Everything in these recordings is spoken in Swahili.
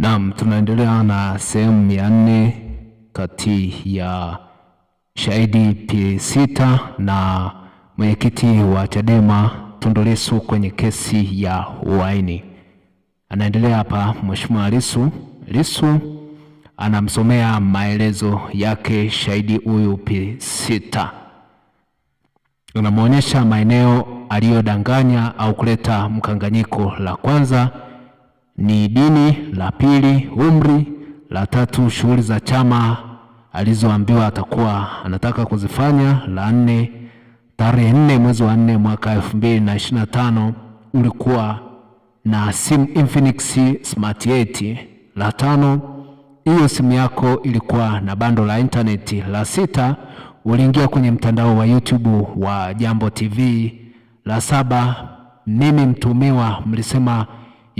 Naam, tunaendelea na sehemu ya nne kati ya shahidi P6 na mwenyekiti wa Chadema Tundu Lissu kwenye kesi ya uhaini. Anaendelea hapa Mheshimiwa Lissu. Lissu anamsomea maelezo yake shahidi huyu P6, anamwonyesha maeneo aliyodanganya au kuleta mkanganyiko. La kwanza ni dini, la pili umri, la tatu shughuli za chama alizoambiwa atakuwa anataka kuzifanya, la nne tarehe nne mwezi wa nne mwaka elfu mbili na ishirini na tano ulikuwa na simu Infinix Smart 8. La tano hiyo simu yako ilikuwa na bando la intaneti. La sita uliingia kwenye mtandao wa YouTube wa Jambo TV. La saba mimi mtumiwa mlisema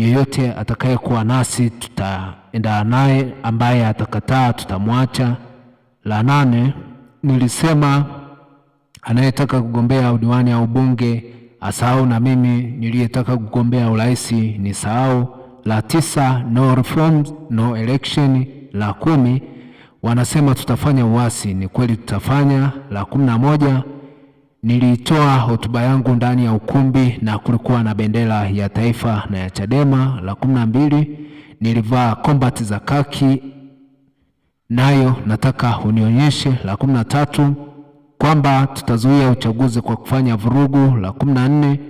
Yeyote atakayekuwa nasi tutaenda naye, ambaye atakataa tutamwacha. La nane nilisema anayetaka kugombea udiwani au bunge asahau, na mimi niliyetaka kugombea urais ni sahau. La tisa no reforms, no election. La kumi wanasema tutafanya uasi, ni kweli tutafanya. La kumi na moja Nilitoa hotuba yangu ndani ya ukumbi na kulikuwa na bendera ya taifa na ya Chadema. La kumi na mbili, nilivaa combat za kaki, nayo nataka unionyeshe. La kumi na tatu, kwamba tutazuia uchaguzi kwa kufanya vurugu. La kumi na nne,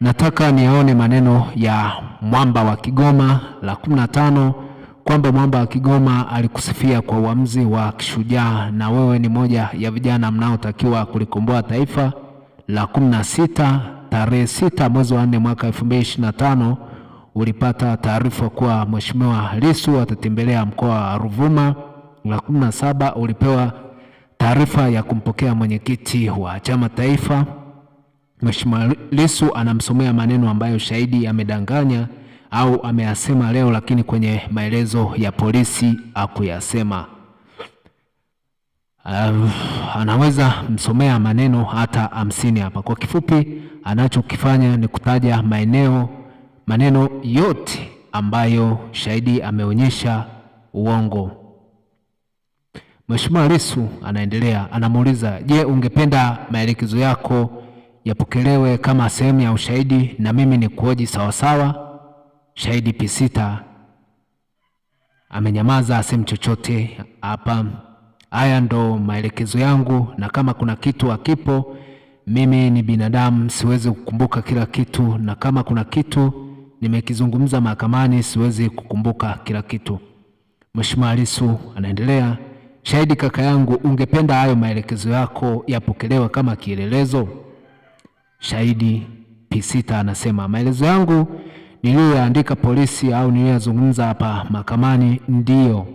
nataka nione maneno ya mwamba wa Kigoma. La kumi na tano kwamba mwamba wa Kigoma alikusifia kwa uamuzi wa kishujaa, na wewe ni moja ya vijana mnaotakiwa kulikomboa taifa la kumi na sita. Tarehe sita mwezi wa nne mwaka 2025 ulipata taarifa kuwa Mheshimiwa Lissu atatembelea mkoa wa Ruvuma. La kumi na saba ulipewa taarifa ya kumpokea mwenyekiti wa chama taifa. Mheshimiwa Lissu anamsomea maneno ambayo shahidi amedanganya au ameyasema leo, lakini kwenye maelezo ya polisi akuyasema Uh, anaweza msomea maneno hata hamsini hapa. Kwa kifupi, anachokifanya ni kutaja maeneo maneno yote ambayo shahidi ameonyesha uongo. Mheshimiwa Lissu anaendelea, anamuuliza, je, ungependa maelekezo yako yapokelewe kama sehemu ya ushahidi na mimi ni kuoji sawasawa? Shahidi Pisita amenyamaza asemi chochote hapa. Haya ndo maelekezo yangu, na kama kuna kitu hakipo, mimi ni binadamu, siwezi kukumbuka kila kitu, na kama kuna kitu nimekizungumza mahakamani, siwezi kukumbuka kila kitu. Mheshimiwa Lissu anaendelea. Shahidi kaka yangu, ungependa hayo maelekezo yako yapokelewe kama kielelezo? Shahidi Pisita anasema maelezo yangu niliyoyaandika polisi au niliyoyazungumza hapa mahakamani ndiyo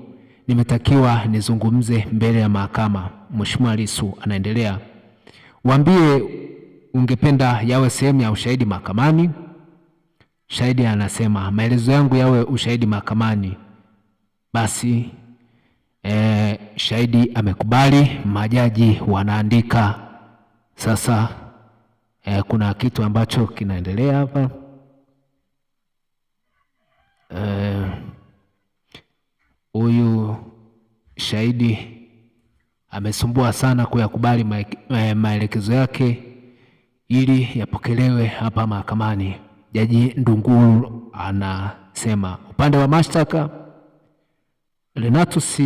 nimetakiwa nizungumze mbele ya mahakama. Mheshimiwa Lissu anaendelea, waambie ungependa yawe sehemu ya ushahidi mahakamani. Shahidi anasema maelezo yangu yawe ushahidi mahakamani. Basi e, shahidi amekubali, majaji wanaandika sasa. E, kuna kitu ambacho kinaendelea hapa. ushahidi. amesumbua sana kuyakubali eh, maelekezo yake ili yapokelewe hapa mahakamani. Jaji Ndunguru anasema upande wa mashtaka, Renatus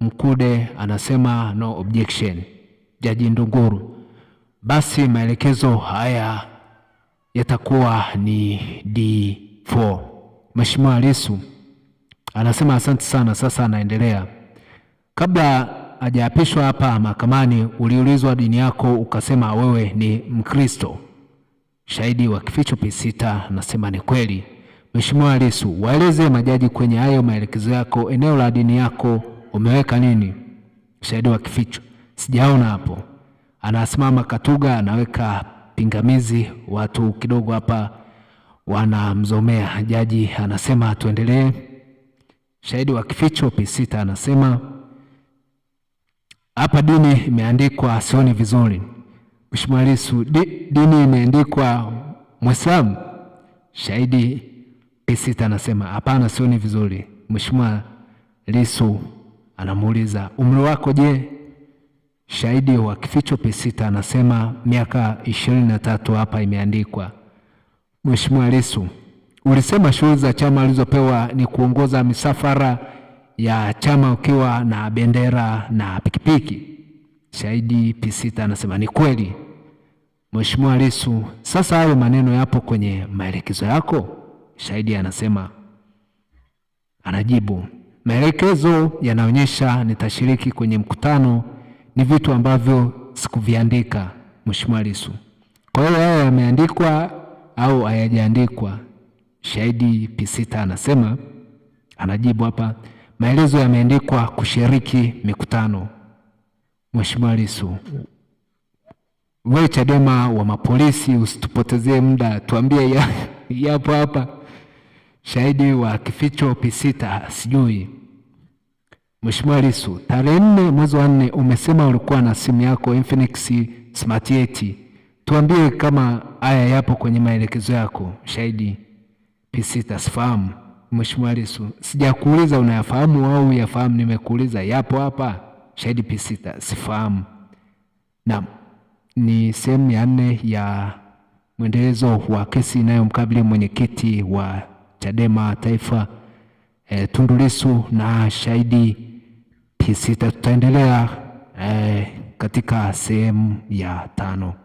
Mkude anasema no objection. Jaji Ndunguru, basi maelekezo haya yatakuwa ni D4. Mheshimiwa Lissu anasema asante sana. Sasa anaendelea Kabla hajaapishwa hapa mahakamani, uliulizwa dini yako, ukasema wewe ni Mkristo. Shahidi wa kificho P6 ni kweli. Mheshimiwa Lissu, waeleze majaji kwenye hayo maelekezo yako, eneo la dini yako umeweka nini? Shahidi wa kificho sijaona hapo. Anasimama Katuga anaweka pingamizi, watu kidogo hapa wanamzomea. Jaji anasema tuendelee. Shahidi wa kificho P6 anasema hapa dini imeandikwa, sioni vizuri Mheshimiwa Lissu. Di, dini imeandikwa Mwislamu? Shahidi Pisita anasema hapana, sioni vizuri. Mheshimiwa Lissu anamuuliza umri wako je? Shahidi wa kificho Pisita anasema miaka ishirini na tatu. Hapa imeandikwa. Mheshimiwa Lissu, ulisema shughuli za chama alizopewa ni kuongoza misafara ya chama ukiwa na bendera na pikipiki. Shahidi Pisita anasema ni kweli, Mheshimiwa Lissu. Sasa hayo maneno yapo kwenye maelekezo yako? Shahidi anasema anajibu, maelekezo yanaonyesha nitashiriki kwenye mkutano, ni vitu ambavyo sikuviandika Mheshimiwa Lissu. Kwa hiyo haya yameandikwa au hayajaandikwa? Shahidi Pisita anasema anajibu hapa maelezo yameandikwa kushiriki mikutano. Mheshimiwa Lissu, wewe Chadema wa mapolisi, usitupotezee muda, tuambie ya, yapo hapa shahidi wa kificho Pisita sijui. Mheshimiwa Lissu, tarehe nne mwezi wa nne umesema ulikuwa na simu yako Infinix Smart 8. Tuambie kama haya yapo kwenye maelekezo yako, shahidi Pisita sifahamu. Mheshimiwa Lissu, sijakuuliza unayafahamu au uyafahamu, nimekuuliza yapo hapa shahidi P6, sifahamu. Na ni sehemu ya nne ya mwendelezo wa kesi inayomkabili mwenyekiti wa Chadema Taifa e, Tundu Lissu na shahidi P6. Tutaendelea e, katika sehemu ya tano.